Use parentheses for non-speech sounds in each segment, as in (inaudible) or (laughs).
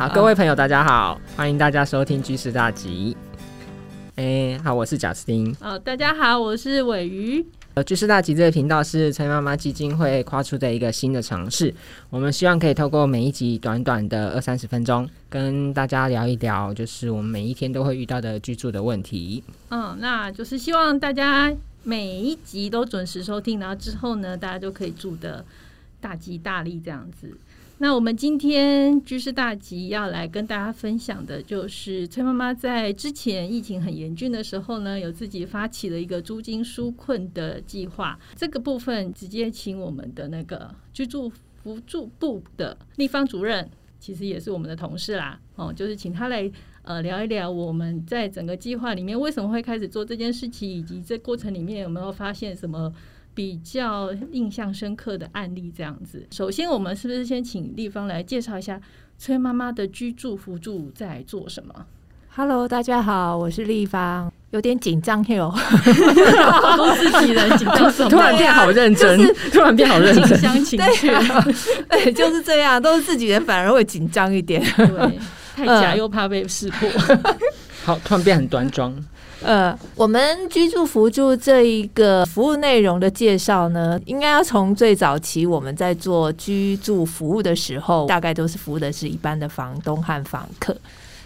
好，各位朋友，大家好，哦、歡迎大家收聽《居士大吉》欸。誒，好，我是賈斯汀。呃、哦，大家好，我是瑋瑜。呃，《居士大吉》這個頻道是崔媽媽基金會跨出的一個新的嘗試，我們希望可以透過每一集短短的二三十分鐘，跟大家聊一聊，就是我們每一天都會遇到的居住的問題。嗯、哦，那就是希望大家每一集都準時收聽，然後之後呢，大家就可以住得大吉大利這樣子。那我們今天居士大吉，要來跟大家分享的，就是崔媽媽在之前疫情很嚴峻的時候呢，有自己發起了一個租金紓困的計劃。這個部分直接請我們的那個居住扶助部的麗芳主任，其實也是我們的同事啦。哦，就是請他來呃聊一聊，我們在整個計劃裡面為什麼會開始做這件事情，以及這過程裡面有沒有發現什麼。比較印象深刻的案例這樣子，首先我們是不是先請麗芳來介紹一下崔媽媽的居住扶助在做什麼？Hello，大家好，我是麗芳，有點緊張。Hello 都是自己人，緊張什麼？ (laughs) 突然變好認真，啊就是、突然變好認真，對，就是這樣，都是自己人，反而會緊張一點。 (laughs) 對，太假、呃、又怕被識破。 (laughs) 好，突然變很端莊。 (laughs) 呃，我們居住扶助這一個服務內容的介紹呢，應該要從最早期我們在做居住服務的時候，大概都是服務的是一般的房東和房客。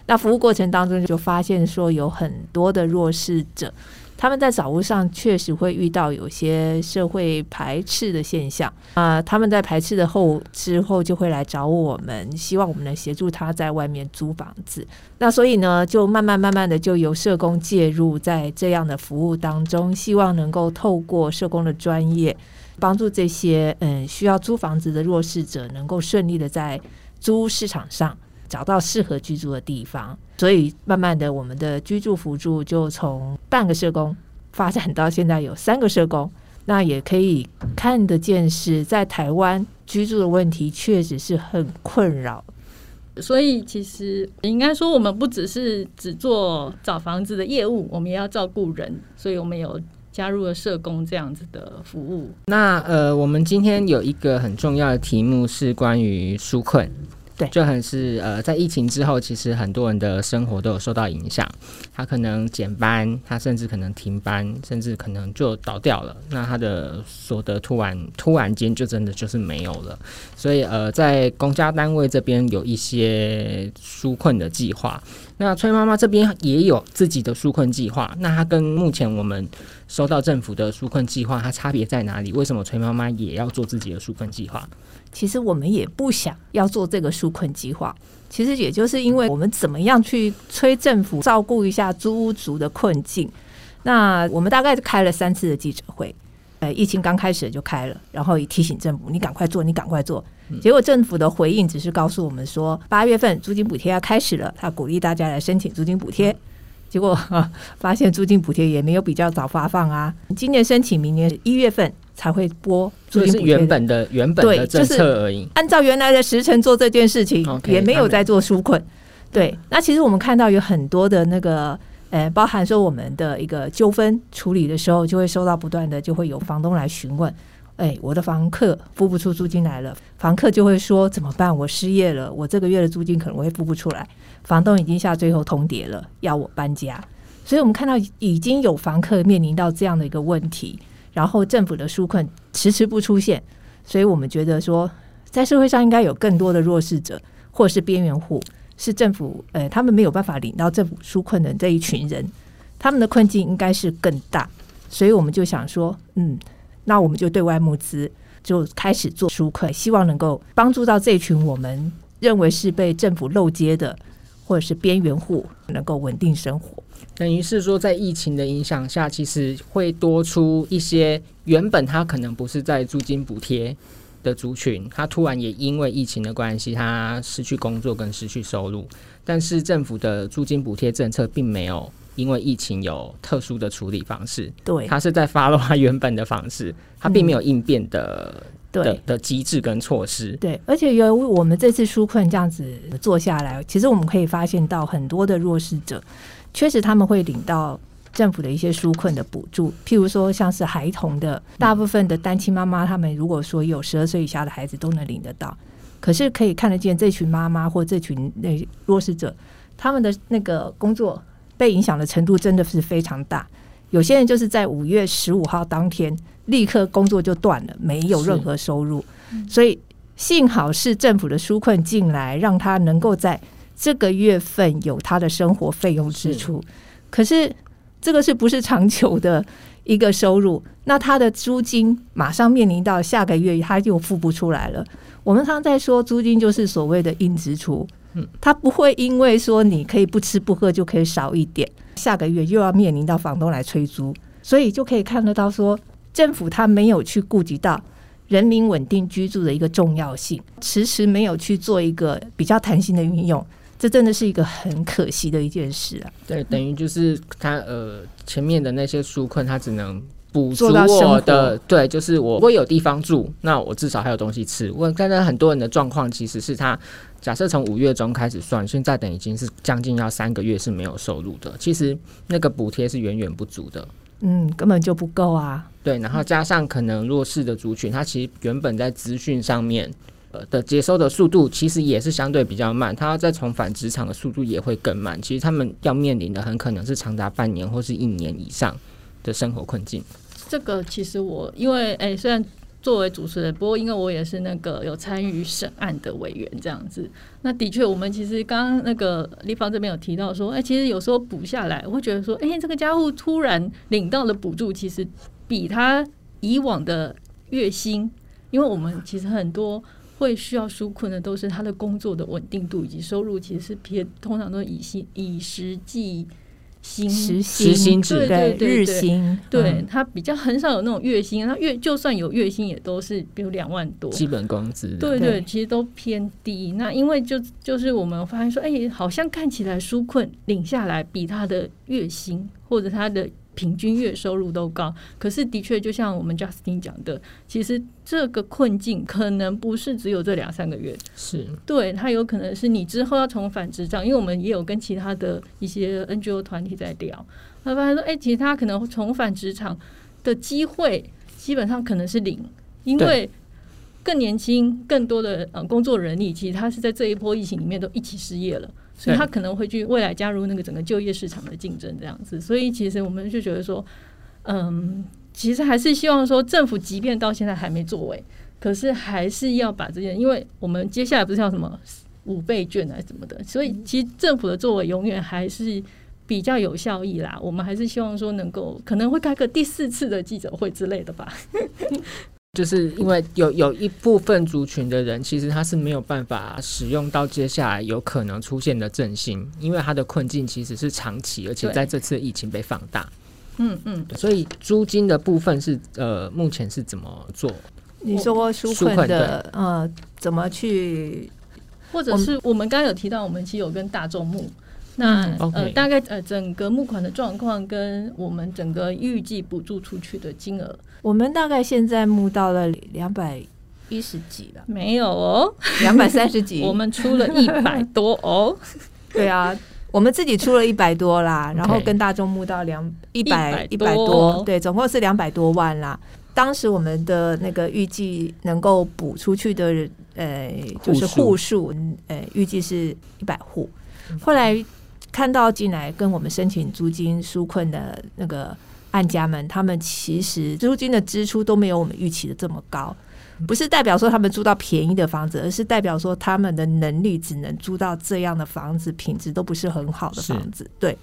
那服務過程當中就發現說，有很多的弱勢者。他們在找屋上確實會遇到有些社會排斥的現象啊，他們在排斥的後之後就會來找我們，希望我們能協助他在外面租房子。那所以呢，就慢慢慢慢的就由社工介入在這樣的服務當中，希望能夠透過社工的專業幫助這些嗯，需要租房子的弱勢者，能夠順利的在租市場上。找到適合居住的地方，所以慢慢的，我們的居住扶助就從半個社工發展到現在有三個社工。那也可以看得見是，在台灣居住的問題確實是很困擾。所以其實應該說，我們不只是只做找房子的業務，我們也要照顧人，所以我們有加入了社工這樣子的服務。那呃，我們今天有一個很重要的題目是關於紓困。對，就很是呃，在疫情之後，其實很多人的生活都有受到影響。他可能減班，他甚至可能停班，甚至可能就倒掉了。那他的所得突然突然間就真的就是沒有了。所以呃，在公家單位這邊有一些紓困的計劃，那崔媽媽這邊也有自己的紓困計劃。那它跟目前我們收到政府的紓困計劃，它差別在哪裡？為什麼崔媽媽也要做自己的紓困計劃？其實我們也不想要做這個紓困計劃。其實也就是因為我們怎麼樣去催政府照顧一下租屋族的困境。那我們大概是開了三次的記者會，呃，疫情剛開始就開了，然後也提醒政府你趕快做，你趕快做。結果政府的回應只是告訴我們說八月份租金補貼要開始了，他鼓勵大家來申請租金補貼。結果發現租金補貼也沒有比較早發放啊，今年申請明年一月份。才會播，這是原本的原本的政策而已。按照原來的時程做這件事情，也沒有在做紓困。對，那其實我們看到有很多的那個，呃，包含說我們的一個糾紛處理的時候，就會收到不斷的，就會有房東來詢問。哎，我的房客付不出租金來了，房客就會說怎麼辦？我失業了，我這個月的租金可能會付不出來。房東已經下最後通牒了，要我搬家。所以我們看到已經有房客面臨到這樣的一個問題。然後政府的紓困遲遲不出現，所以我們覺得說，在社會上應該有更多的弱勢者，或是邊緣戶，是政府呃他們沒有辦法領到政府紓困的這一群人，他們的困境應該是更大，所以我們就想說，嗯，那我們就對外募資，就開始做紓困，希望能夠幫助到這群我們認為是被政府漏接的，或者是邊緣戶，能夠穩定生活。等於是說，在疫情的影響下，其實會多出一些原本他可能不是在租金補貼的族群，他突然也因為疫情的關係，他失去工作跟失去收入。但是政府的租金補貼政策並沒有因為疫情有特殊的處理方式，對，他是在發了他原本的方式，他並沒有應變的、嗯、的對的機制跟措施。對，而且由於我們這次紓困這樣子做下來，其實我們可以發現到很多的弱勢者。確實，他們會領到政府的一些紓困的補助，譬如說像是孩童的，大部分的單親媽媽，他們如果說有十二歲以下的孩子，都能領得到。可是可以看得見，這群媽媽或這群那弱勢者，他們的那個工作被影響的程度真的是非常大。有些人就是在五月十五號當天，立刻工作就斷了，沒有任何收入。所以幸好是政府的紓困進來，讓他能夠在。這個月份有他的生活費用支出，是可是這個是不是長久的一個收入？那他的租金馬上面臨到下個月他又付不出來了。我們常在說租金就是所謂的硬支出，嗯，他不會因為說你可以不吃不喝就可以少一點，下個月又要面臨到房東來催租，所以就可以看得到說政府他沒有去顧及到人民穩定居住的一個重要性，遲遲沒有去做一個比較彈性的運用。這真的是一個很可惜的一件事啊！對，等於就是他呃，前面的那些紓困，他只能補足我的，對，就是我如果有地方住，那我至少還有東西吃。我看到很多人的狀況，其實是他假設從五月中開始算，現在等已經是將近要三個月是沒有收入的。其實那個補貼是遠遠不足的，嗯，根本就不夠啊！對，然後加上可能弱勢的族群，他其實原本在資訊上面。的接收的速度其實也是相對比較慢，他要再重返職場的速度也會更慢。其實他們要面臨的很可能是長達半年或是一年以上的生活困境。這個其實我因為哎，雖然作為主持人，不過因為我也是那個有參與審案的委員，這樣子，那的確我們其實剛剛那個麗芳這邊有提到說，哎，其實有時候補下來，我會覺得說，哎，這個家戶突然領到的補助其實比他以往的月薪，因為我們其實很多。會需要紓困的都是他的工作的穩定度以及收入，其實是偏，通常都以,時以時時薪以實際薪實薪對對,對,對,對日薪對、嗯、他比較很少有那種月薪，他月就算有月薪也都是比如兩萬多基本工資，對,對對，對其實都偏低。那因為就就是我們發現說，哎、欸，好像看起來紓困領下來比他的月薪或者他的。平均月收入都高，可是的確，就像我們 Justin 講的，其實這個困境可能不是只有這兩三個月。是，對他有可能是你之後要重返職場，因為我們也有跟其他的一些 NGO 團體在聊，他發現說，哎，其實他可能重返職場的機會基本上可能是零，因為更年輕、更多的呃工作人力，其實他是在這一波疫情裡面都一起失業了。所以，他可能會去未來加入那個整個就業市場的競爭這樣子。所以，其實我們就覺得說，嗯，其實還是希望說，政府即便到現在還沒作為，可是還是要把這些，因為我們接下來不是要什麼五倍券啊什麼的。所以，其實政府的作為永遠還是比較有效益啦。我們還是希望說，能夠可能會開個第四次的記者會之類的吧。 (laughs) 就是因為有有一部分族群的人，其實他是沒有辦法使用到接下來有可能出現的振興，因為他的困境其實是長期，而且在這次疫情被放大。嗯嗯對，所以租金的部分是呃，目前是怎麼做？你說紓困的呃，怎麼去，或者是我們剛剛有提到，我們其實有跟大眾目。那 Okay. 呃，大概呃，整個募款的狀況跟我們整個預計補助出去的金額，我們大概現在募到了兩百一十幾了，沒有哦，兩百三十幾， (laughs) 我們出了一百多哦， (laughs) 對啊，我們自己出了一百多啦， (laughs) 然後跟大眾募到兩一百，一百多哦，一百多，對，總共是兩百多萬啦。當時我們的那個預計能夠補出去的，呃，就是戶數，戶數呃，預計是一百戶，後來。看到進來跟我們申請租金紓困的那個案家們，他們其實租金的支出都沒有我們預期的這麼高，不是代表說他們租到便宜的房子，而是代表說他們的能力只能租到這樣的房子，品質都不是很好的房子。是對，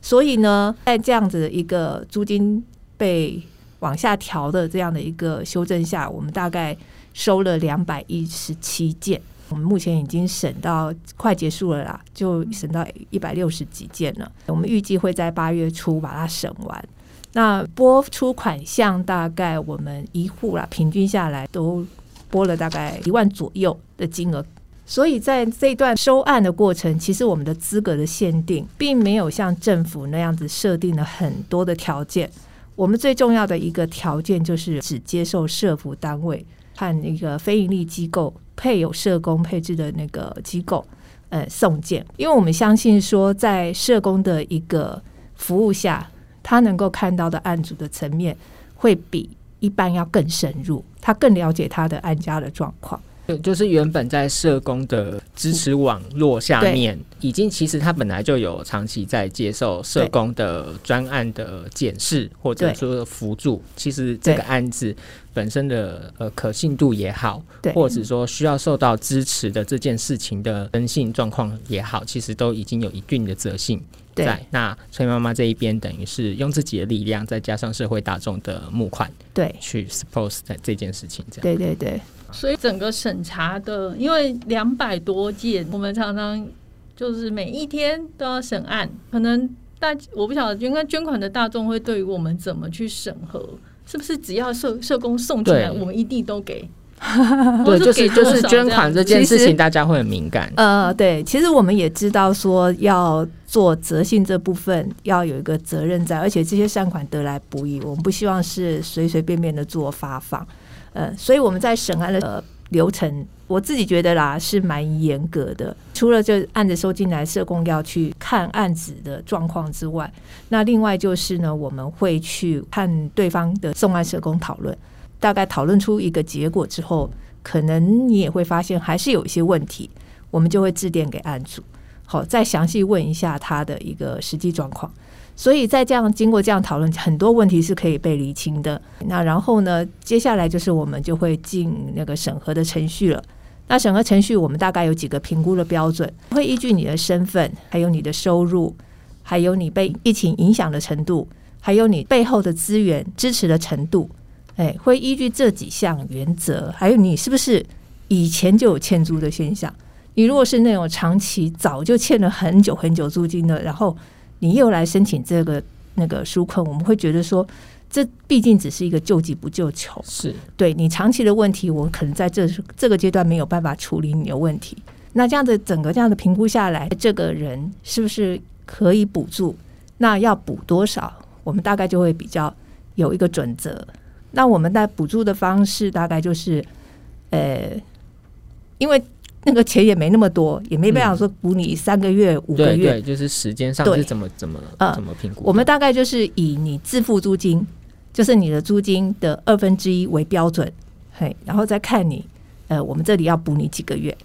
所以呢，在這樣子一個租金被往下調的這樣的一個修正下，我們大概收了兩百一十七件。我們目前已經審到快結束了啦，就審到一百六十幾件了。我們預計會在八月初把它審完。那撥出款項大概我們一戶啦，平均下來都撥了大概一萬左右的金額。所以在這一段收案的過程，其實我們的資格的限定並沒有像政府那樣子設定了很多的條件。我們最重要的一個條件就是只接受社福單位，看那個非營利機構配有社工配置的那個機構，呃，送件，因為我們相信說，在社工的一個服務下，他能夠看到的案主的層面會比一般要更深入，他更了解他的案家的狀況。就是原本在社工的支持網絡下面，嗯、已經其實他本來就有長期在接受社工的專案的檢視，對或者說輔助。對其實這個案子本身的呃可信度也好，對或者說需要受到支持的這件事情的徵信狀況也好，其實都已經有一定的責信在。對，那崔媽媽這一邊等於是用自己的力量，再加上社會大眾的募款，對，去 suppose 在這件事情這樣。對對對。對對對所以整個審查的，因為兩百多件，我們常常就是每一天都要審案。可能大我不曉得，應該捐款的大眾會對於我們怎麼去審核，是不是只要社社工送進來，對我們一定都給？對，就是就是捐款這件事情，大家會很敏感。呃，對，其實我們也知道說要做責信這部分，要有一個責任在，而且這些善款得來不易，我們不希望是隨隨便便的做發放。呃、嗯，所以我們在審案的流程，我自己覺得啦，是蠻嚴格的。除了這案子收進來，社工要去看案子的狀況之外，那另外就是呢，我們會去看對方的送案社工討論，大概討論出一個結果之後，可能你也會發現還是有一些問題，我們就會致電給案主，好，再詳細問一下他的一個實際狀況。所以，在這樣經過這樣討論，很多問題是可以被釐清的。那然後呢，接下來就是我們就會進那個審核的程序了。那審核程序，我們大概有幾個評估的標準，會依據你的身份，還有你的收入，還有你被疫情影響的程度，還有你背後的資源支持的程度。誒、欸，會依據這幾項原則，還有你是不是以前就有欠租的現象？你如果是那種長期早就欠了很久很久租金的，然後。你又來申請這個那個紓困，我們會覺得說，這畢竟只是一個救急不救窮，是對你長期的問題，我可能在這這個階段沒有辦法處理你的問題。那這樣子整個這樣的評估下來，這個人是不是可以補助？那要補多少？我們大概就會比較有一個準則。那我們在補助的方式，大概就是呃，因為。那個錢也沒那麼多，也沒辦法說補你三個月、嗯、五個月。對，對對，就是時間上是怎麼對怎麼怎麼評估、呃？我們大概就是以你自付租金，就是你的租金的二分之一為標準，嘿，然後再看你，呃，我們這裡要補你幾個月，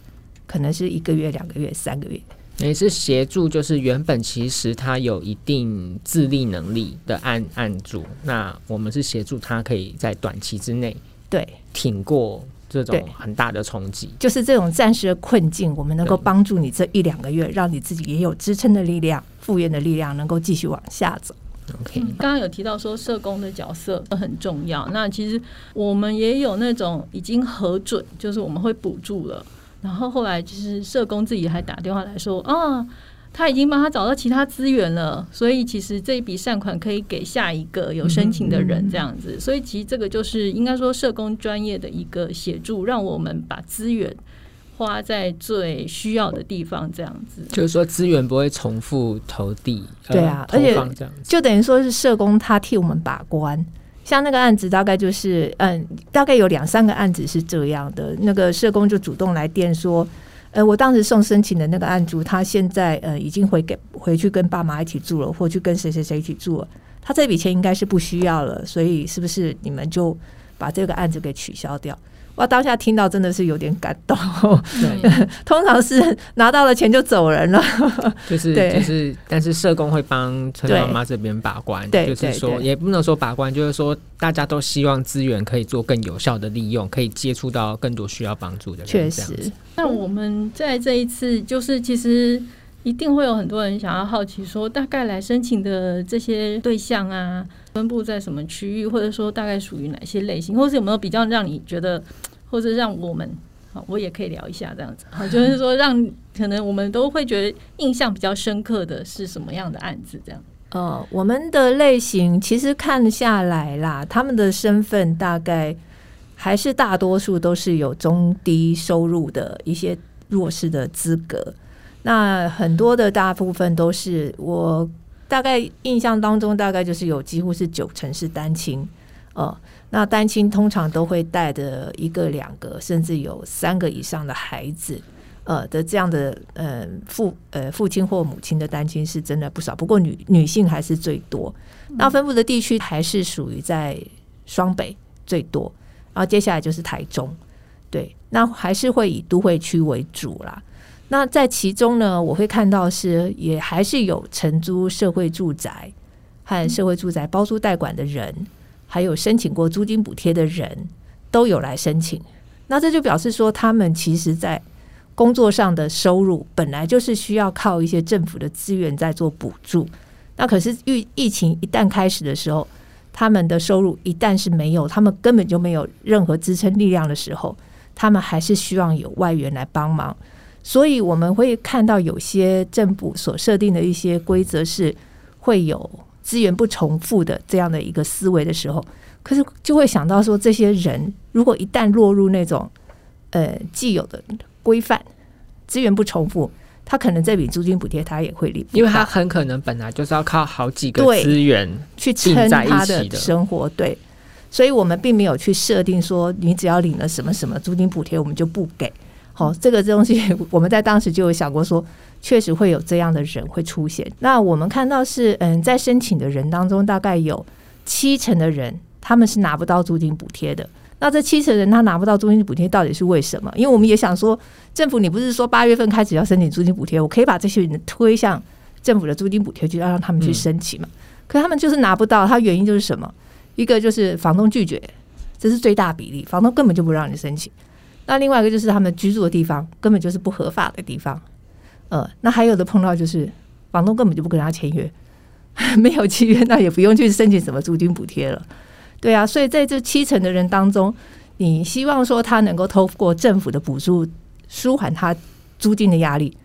可能是一個月、兩個月、三個月。你、欸、是協助，就是原本其實他有一定自立能力的案案主。那我們是協助他可以在短期之內對挺過。這種很大的衝擊，就是這種暫時的困境，我們能夠幫助你這一兩個月，對讓你自己也有支撐的力量，復原的力量，能夠繼續往下走。剛剛 Okay,、嗯、有提到說社工的角色很重要，那其實我們也有那種已經核准，就是我們會補助了，然後後來其實社工自己還打電話來說啊。他已經幫他找到其他資源了，所以其實這一筆善款可以給下一個有申請的人這樣子。嗯嗯嗯嗯。所以其實這個就是應該說社工專業的一個協助，讓我們把資源花在最需要的地方這樣子。就是說資源不會重複投遞，對啊，而且就等於說是社工他替我們把關。像那個案子大概就是，嗯，大概有兩三個案子是這樣的，那個社工就主動來電說。呃，我當時送申請的那個案主，他現在呃已經回給回去跟爸媽一起住了，或去跟誰誰誰一起住了，他這筆錢應該是不需要了，所以是不是你們就把這個案子給取消掉？我當下聽到真的是有點感動對。 (laughs) 通常是拿到了錢就走人了 (laughs) ，就是對就是，但是社工會幫崔媽媽這邊把關，對就是說對對對也不能說把關，就是說大家都希望資源可以做更有效的利用，可以接觸到更多需要幫助的人。確實，嗯、那我們在這一次就是其實。一定會有很多人想要好奇，說大概來申請的這些對象啊，分布在什麼區域，或者說大概屬於哪些類型，或者有沒有比較讓你覺得，或者讓我們，好，我也可以聊一下這樣子。好，就是說讓可能我們都會覺得印象比較深刻的是什麼樣的案子這樣。呃、哦，我們的類型其實看下來啦，他們的身份大概還是大多數都是有中低收入的一些弱勢的資格。那很多的大部分都是我大概印象當中，大概就是有幾乎是九成是單親，呃，那單親通常都會帶着一個、兩個，甚至有三個以上的孩子，呃的這樣的、嗯、父呃父呃父親或母親的單親是真的不少。不過女女性還是最多，嗯、那分布的地區還是屬於在雙北最多，然後接下來就是台中，對，那還是會以都會區為主啦。那在其中呢，我會看到是也還是有承租社會住宅和社會住宅包租代管的人，嗯、還有申請過租金補貼的人都有來申請。那這就表示說，他們其實，在工作上的收入本來就是需要靠一些政府的資源在做補助。那可是疫疫情一旦開始的時候，他們的收入一旦是沒有，他們根本就沒有任何支撐力量的時候，他們還是希望有外援來幫忙。所以我們會看到有些政府所設定的一些規則是會有資源不重複的這樣的一個思維的時候，可是就會想到說，這些人如果一旦落入那種呃既有的規範，資源不重複，他可能這筆租金補貼他也會領，因為他很可能本來就是要靠好幾個資源在一起去撐他的生活，對。所以我們並沒有去設定說，你只要領了什麼什麼租金補貼，我們就不給。好，這個東西我們在當時就有想過，說確實會有這樣的人會出現。那我們看到是，嗯，在申請的人當中，大概有七成的人他們是拿不到租金補貼的。那這七成人他拿不到租金補貼，到底是為什麼？因為我們也想說，政府你不是說八月份開始要申請租金補貼，我可以把這些人推向政府的租金補貼，就要讓他們去申請嘛？可他們就是拿不到，他原因就是什麼？一個就是房東拒絕，這是最大比例，房東根本就不讓你申請。那另外一個就是他們居住的地方根本就是不合法的地方，呃，那還有的碰到就是房東根本就不跟他簽約，沒有契約，那也不用去申請什麼租金補貼了，對啊，所以在這七成的人當中，你希望說他能夠透過政府的補助舒緩他租金的壓力，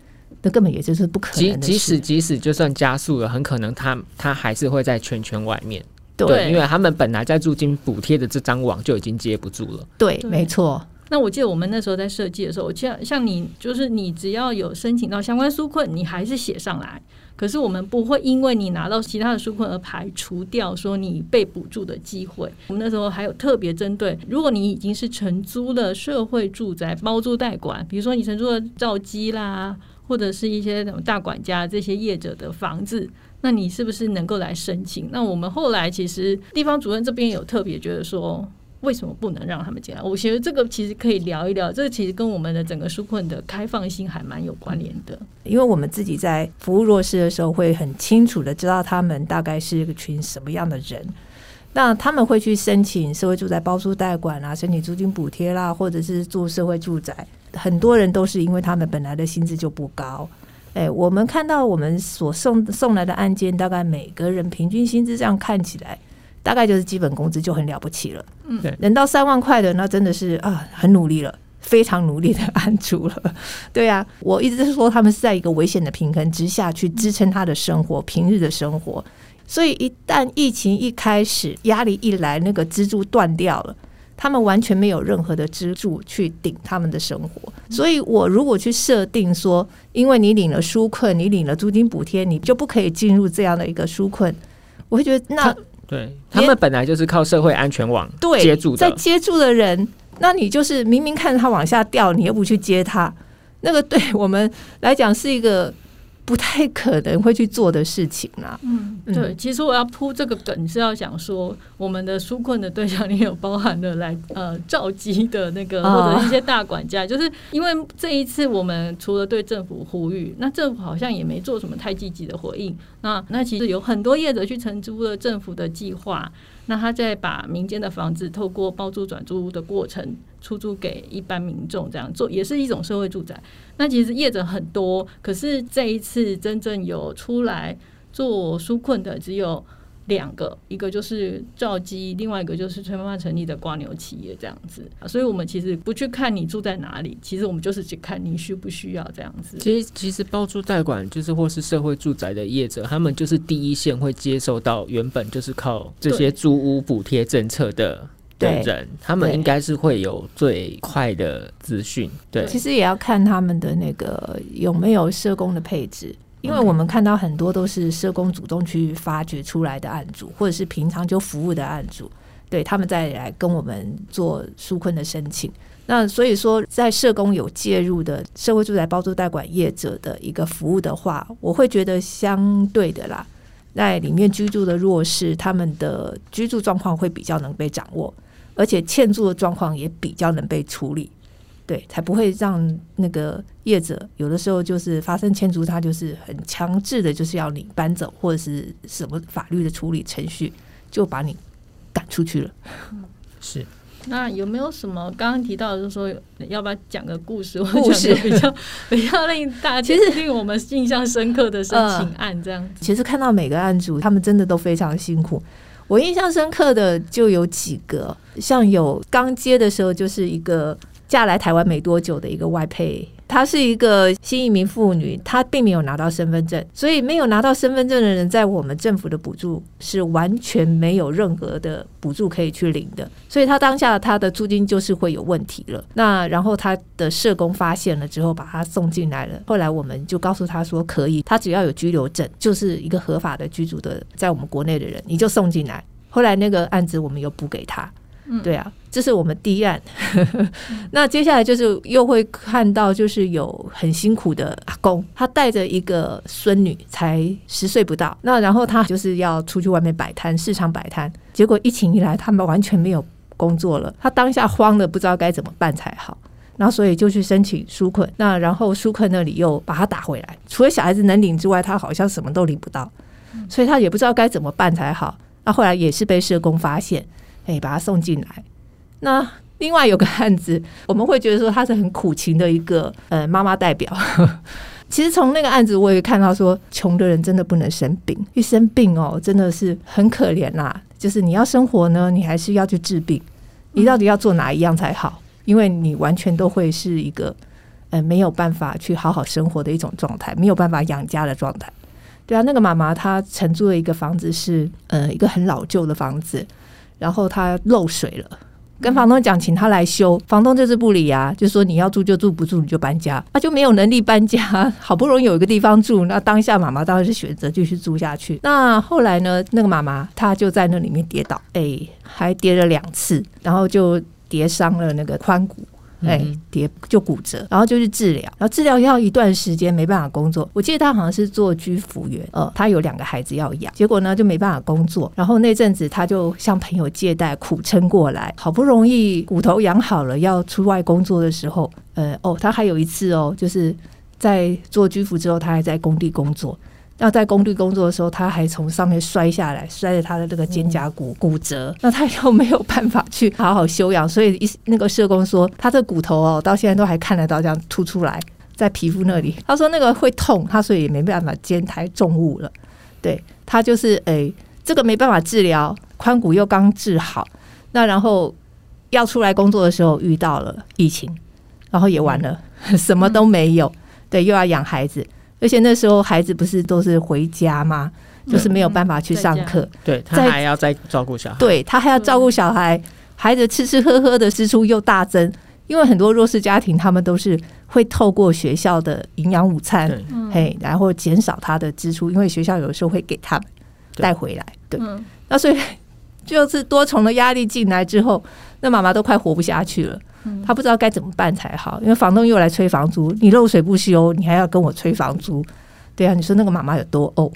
那根本也就是不可能的。即，即使即使就算加速了，很可能他他還是會在圈圈外面，對，對，因為他們本來在租金補貼的這張網就已經接不住了，對，對，沒錯。那我記得我們那時候在設計的時候，像像你，就是你只要有申請到相關紓困，你還是寫上來。可是我們不會因為你拿到其他的紓困而排除掉說你被補助的機會。我們那時候還有特別針對，如果你已經是承租了社會住宅、包租代管，比如說你承租了兆基啦，或者是一些那種大管家這些業者的房子，那你是不是能夠來申請？那我們後來其實地方主任這邊有特別覺得說。為什麼不能讓他們進來？我覺得這個其實可以聊一聊，這個、其實跟我們的整個紓困的開放性還蠻有關聯的。因為我們自己在服務弱勢的時候，會很清楚的知道他們大概是一個群什麼樣的人。那他們會去申請社會住宅包租代管啊，申請租金補貼啦，或者是住社會住宅。很多人都是因為他們本來的薪資就不高。誒、哎，我們看到我們所送送來的案件，大概每個人平均薪資這樣看起來。大概就是基本工資就很了不起了，嗯，能到三萬塊的那真的是啊，很努力了，非常努力的安住了，對呀、啊，我一直是說他們是在一個危險的平衡之下去支撐他的生活，平日的生活，所以一旦疫情一開始，壓力一來，那個支柱斷掉了，他們完全沒有任何的支柱去頂他們的生活，所以我如果去設定說，因為你領了紓困，你領了租金補貼，你就不可以進入這樣的一個紓困，我會覺得那。對他們本來就是靠社會安全網接住，對，在接住的人，那你就是明明看着他往下掉，你又不去接他，那個對我們來講是一個。不太可能會去做的事情啦、啊。嗯，對，其實我要鋪這個梗是要想說，我們的紓困的對象裡有包含了來呃召集的那個或者一些大管家，哦、就是因為這一次我們除了對政府呼籲，那政府好像也沒做什麼太積極的回應。那那其實有很多業者去承租了政府的計劃。那他再把民間的房子透過包租轉租的過程出租給一般民眾這樣做也是一種社會住宅。那其實業者很多，可是這一次真正有出來做紓困的只有。兩個，一個就是趙基，另外一個就是崔媽媽成立的蝸牛企業這樣子啊。所以我們其實不去看你住在哪裡，其實我們就是去看你需不需要這樣子。其實其實包租代管就是或是社會住宅的業者，他們就是第一線會接受到原本就是靠這些租屋補貼政策的的人，他們應該是會有最快的資訊。對，其實也要看他們的那個有沒有社工的配置。因為我們看到很多都是社工主動去發掘出來的案主，或者是平常就服務的案主，對他們再來跟我們做紓困的申請。那所以說，在社工有介入的社會住宅包租代管業者的一個服務的話，我會覺得相對的啦，在裡面居住的弱勢，他們的居住狀況會比較能被掌握，而且欠住的狀況也比較能被處理。對，才不會讓那個業者，有的時候就是發生欠租，他就是很強制的，就是要你搬走或者是什麼法律的處理程序，就把你趕出去了。嗯、是。那有沒有什麼剛剛提到的，就是說要不要講個故事？故事我比較 (laughs) 比較令大家其實令我們印象深刻的申請案這樣其，嗯。其實看到每個案主，他們真的都非常辛苦。我印象深刻的就有幾個，像有剛接的時候就是一個。嫁來台灣沒多久的一個外配，她是一個新移民婦女，她並沒有拿到身份證，所以沒有拿到身份證的人，在我們政府的補助是完全沒有任何的補助可以去領的，所以她當下她的租金就是會有問題了。那然後她的社工發現了之後，把她送進來了。後來我們就告訴她說可以，她只要有居留證，就是一個合法的居住的在我們國內的人，你就送進來。後來那個案子我們又補給她。對啊，這是我們第一案。 (laughs) 那接下來就是又會看到，就是有很辛苦的阿公，他帶着一個孫女，才十歲不到。那然後他就是要出去外面擺攤，市場擺攤。結果疫情一來，他們完全沒有工作了。他當下慌得不知道該怎麼辦才好，那所以就去申請紓困。那然後紓困那裡又把他打回來，除了小孩子能領之外，他好像什麼都領不到，所以他也不知道該怎麼辦才好。那後來也是被社工發現。誒，hey, 把他送進來。那另外有個案子，我們會覺得說他是很苦情的一個呃媽媽代表。 (laughs) 其實從那個案子我也看到說，窮的人真的不能生病，一生病哦，真的是很可憐啦、啊。就是你要生活呢，你還是要去治病。你到底要做哪一樣才好？嗯、因為你完全都會是一個呃沒有辦法去好好生活的一種狀態，沒有辦法養家的狀態。對啊，那個媽媽她承租的一個房子是呃一個很老舊的房子。然後他漏水了，跟房東講，請他來修，房東就是不理啊，就說你要住就住，不住你就搬家，他就沒有能力搬家，好不容易有一個地方住，那當下媽媽當然是選擇繼續住下去。那後來呢，那個媽媽她就在那裡面跌倒，誒，還跌了兩次，然後就跌傷了那個髖骨。哎、欸，跌就骨折，然後就是治療，然後治療要一段時間，沒辦法工作。我記得他好像是做居服員，呃，他有兩個孩子要養，結果呢就沒辦法工作。然後那陣子他就向朋友借貸，苦撐過來。好不容易骨頭養好了，要出外工作的時候，呃，哦，他還有一次哦，就是在做居服之後，他還在工地工作。那在工地工作的時候，他還從上面摔下來，摔着他的這個肩胛骨、嗯、骨折。那他又沒有辦法去好好休養，所以一那個社工說，他這骨頭哦，到現在都還看得到這樣凸出來在皮膚那裡。他說那個會痛，他所以也沒辦法肩抬重物了。對，他就是誒、欸，這個沒辦法治療，髖骨又剛治好。那然後要出來工作的時候遇到了疫情，疫情，然後也完了，什麼都沒有。嗯、對，又要養孩子。而且那時候孩子不是都是回家嗎？對就是沒有辦法去上課，對，他還要再照顧小孩，對他還要照顧小孩，對孩子吃吃喝喝的支出又大增。因為很多弱勢家庭，他們都是會透過學校的營養午餐，對嘿，然後減少他的支出，因為學校有的時候會給他們帶回來。對，對那所以就是多重的壓力進來之後，那媽媽都快活不下去了。他不知道該怎麼辦才好，因為房東又來催房租，你漏水不修，你還要跟我催房租。對啊，你說那個媽媽有多嘔哦？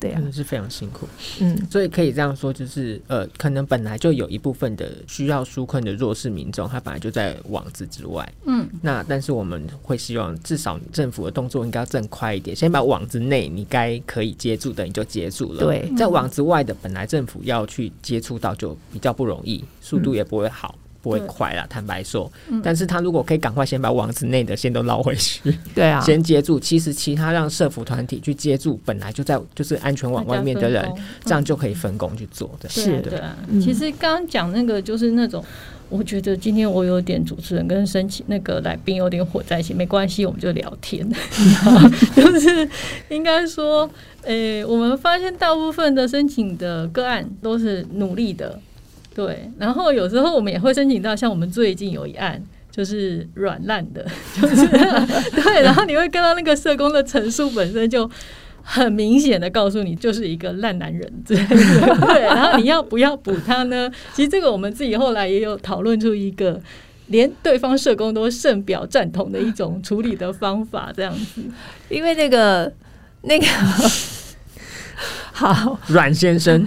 對啊，真的是非常辛苦。嗯，所以可以這樣說，就是呃，可能本來就有一部分的需要紓困的弱勢民眾，他本來就在網子之外。嗯，那但是我們會希望，至少政府的動作應該要更快一點，先把網子內你該可以接住的你就接住了。對，嗯、在網子外的本來政府要去接觸到就比較不容易，速度也不會好。嗯不會快了，對坦白說，嗯、但是他如果可以趕快先把網子內的先都撈回去，對啊，先接住。其實其他讓社福團體去接住，本來就在就是安全網外面的人，這樣就可以分工去做。對，是的，其實剛剛講那個就是那種，我覺得今天我有點主持人跟申請那個來賓有點火在一起，沒關係，我們就聊天。 (laughs) 就是應該說，誒、欸，我們發現大部分的申請的個案都是努力的。對，然後有時候我們也會申請到，像我們最近有一案，就是軟爛的，就是 (laughs) 對，然後你會看到那個社工的陳述本身就很明顯的告訴你，就是一個爛男人對，對， (laughs) 對，然後你要不要補他呢？其實這個我們自己後來也有討論出一個，連對方社工都深表贊同的一種處理的方法，這樣子，因為那個那個。 (laughs) 好，軟先生。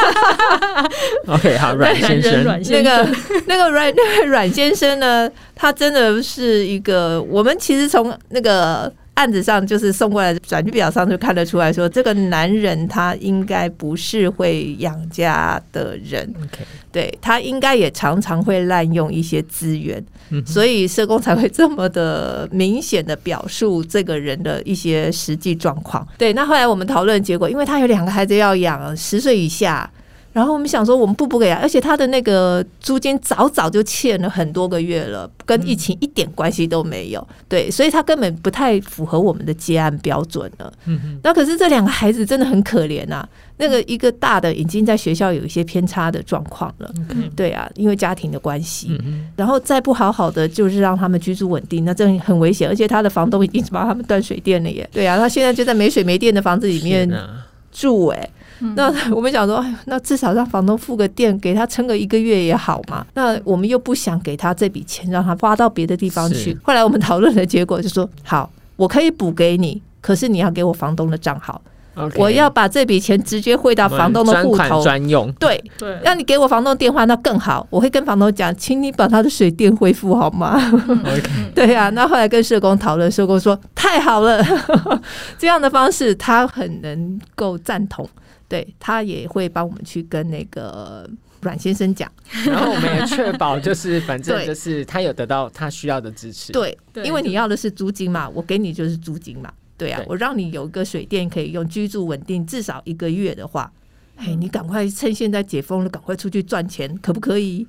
(laughs) (laughs) OK，好，軟先生。先生那個那個軟那個軟先生呢？ (laughs) 他真的是一個，我們其實從那個。案子上就是送過來的轉據表上就看得出來說，這個男人他應該不是會養家的人，Okay. 對，他應該也常常會濫用一些資源，嗯、哼所以社工才會這麼的明顯的表述這個人的一些實際狀況。對，那後來我們討論結果，因為他有兩個孩子要養，十歲以下。然後我們想說，我們不補給他，啊，而且他的那個租金早早就欠了很多個月了，跟疫情一點關係都沒有，對，所以他根本不太符合我們的接案標準了。嗯哼那可是這兩個孩子真的很可憐啊，那個一個大的已經在學校有一些偏差的狀況了，嗯、哼對啊，因為家庭的關係。嗯哼然後再不好好的就是讓他們居住穩定，那真的很危險，而且他的房東已經把他們斷水電了耶。對啊，他現在就在沒水沒電的房子裡面哪住哎，欸。那我們想說，那至少讓房東付個電，給他撐個一個月也好嘛。那我們又不想給他這筆錢，讓他花到別的地方去。是後來我們討論的結果就是說，好，我可以補給你，可是你要給我房東的賬號，Okay, 我要把這筆錢直接匯到房東的戶頭專用。對對，讓對你給我房東電話，那更好，我會跟房東講，請你把他的水電恢復好嗎？ (laughs) Okay. 對呀、啊，那後來跟社工討論，社工說太好了， (laughs) 這樣的方式他很能夠贊同。對，他也會幫我們去跟那個軟先生講，然後我們也確保就是反正就是他有得到他需要的支持，對，對，因為你要的是租金嘛，我給你就是租金嘛，對啊，對，我讓你有一個水電可以用，居住穩定至少一個月的話，哎，你趕快趁現在解封了，趕快出去賺錢，可不可以？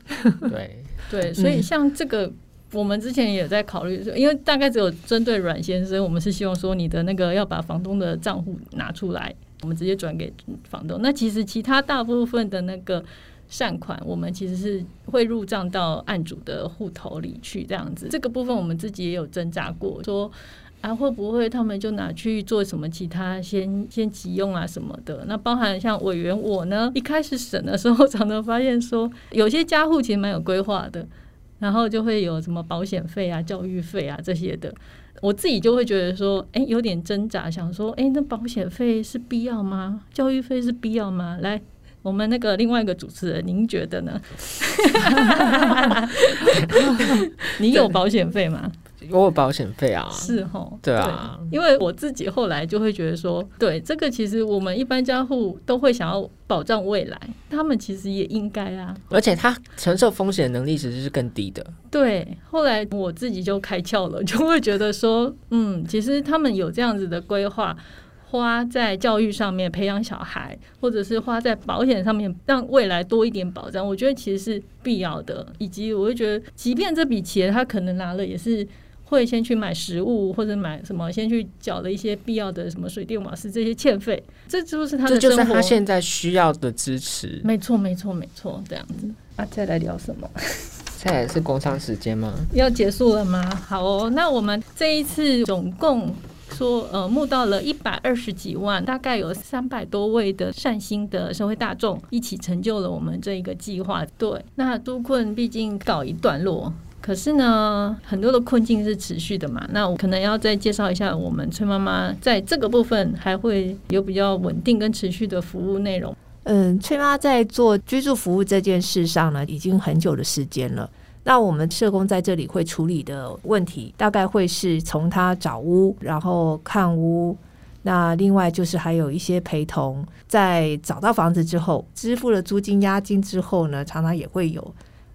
對 (laughs) 對，所以像這個，我們之前也在考慮，因為大概只有針對軟先生，我們是希望說你的那個要把房東的賬戶拿出來。我們直接轉給房東。那其實其他大部分的那個善款，我們其實是會入賬到案主的戶頭裡去。這樣子，這個部分我們自己也有掙扎過，說啊會不會他們就拿去做什麼其他先先急用啊什麼的？那包含像委員我呢，一開始審的時候常常發現說，有些家戶其實蠻有規劃的。然後就會有什麼保險費啊、教育費啊這些的，我自己就會覺得說，哎，有點掙扎，想說，哎，那保險費是必要嗎？教育費是必要嗎？來，我們那個另外一個主持人，您覺得呢？ (laughs) 你有保險費嗎？我有保險費啊，是吼？對啊，對，因為我自己後來就會覺得說，對，這個其實我們一般家戶都會想要保障未來，他們其實也應該啊，而且他承受風險能力其實是更低的。對，後來我自己就開竅了，就會覺得說，嗯，其實他們有這樣子的規劃，花在教育上面培養小孩，或者是花在保險上面讓未來多一點保障，我覺得其實是必要的。以及我會覺得，即便這筆錢他可能拿了也是。會先去買食物，或者買什麼，先去繳了一些必要的什麼水電瓦斯這些欠費，這就是他的生活。這就是他現在需要的支持。沒錯，沒錯，沒錯，這樣子啊。再來聊什麼？ (laughs) 再來是工商時間嗎？要結束了嗎？好哦，那我們這一次總共說呃募到了一百二十幾萬，大概有三百多位的善心的社會大眾一起成就了我們這一個計劃。對，那紓困，畢竟告一段落。可是呢，很多的困境是持續的嘛。那我可能要再介紹一下，我們崔媽媽在這個部分還會有比較穩定跟持續的服務內容。嗯，崔媽在做居住服務這件事上呢，已經很久的時間了。那我們社工在這裡會處理的問題，大概會是從她找屋、然後看屋，那另外就是還有一些陪同。在找到房子之後，支付了租金押金之後呢，常常也會有。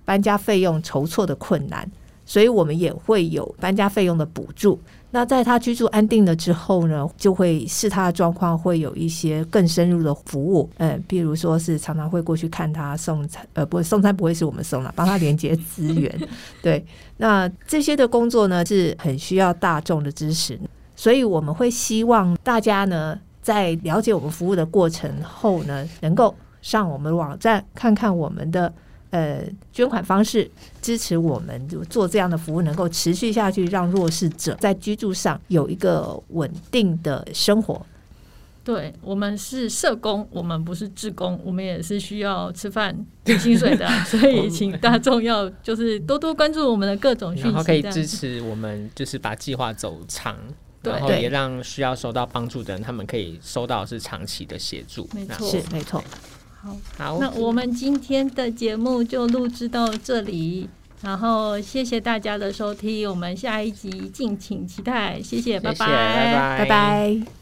搬家費用籌措的困難，所以我們也會有搬家費用的補助。那在他居住安定了之後呢，就會是他的狀況會有一些更深入的服務，嗯，譬如說是常常會過去看他送餐，呃，不送餐不會是我們送了，幫他連接資源。 (laughs) 對，那這些的工作呢是很需要大眾的支持，所以我們會希望大家呢在了解我們服務的過程後呢，能夠上我們網站看看我們的。呃，捐款方式支持我們做這樣的服務，能夠持續下去，讓弱勢者在居住上有一個穩定的生活。對，我們是社工，我們不是志工，我們也是需要吃飯領薪水的，所以請大眾要就是多多關注我們的各種訊息， (laughs) 然後可以支持我們，就是把計劃走長，對然後也讓需要收到幫助的人，對他們可以收到是長期的協助。沒錯那是，沒錯。好，那我們今天的節目就錄製到這裡，然後謝謝大家的收聽，我們下一集敬請期待，謝謝，謝謝，拜拜，拜拜。拜拜。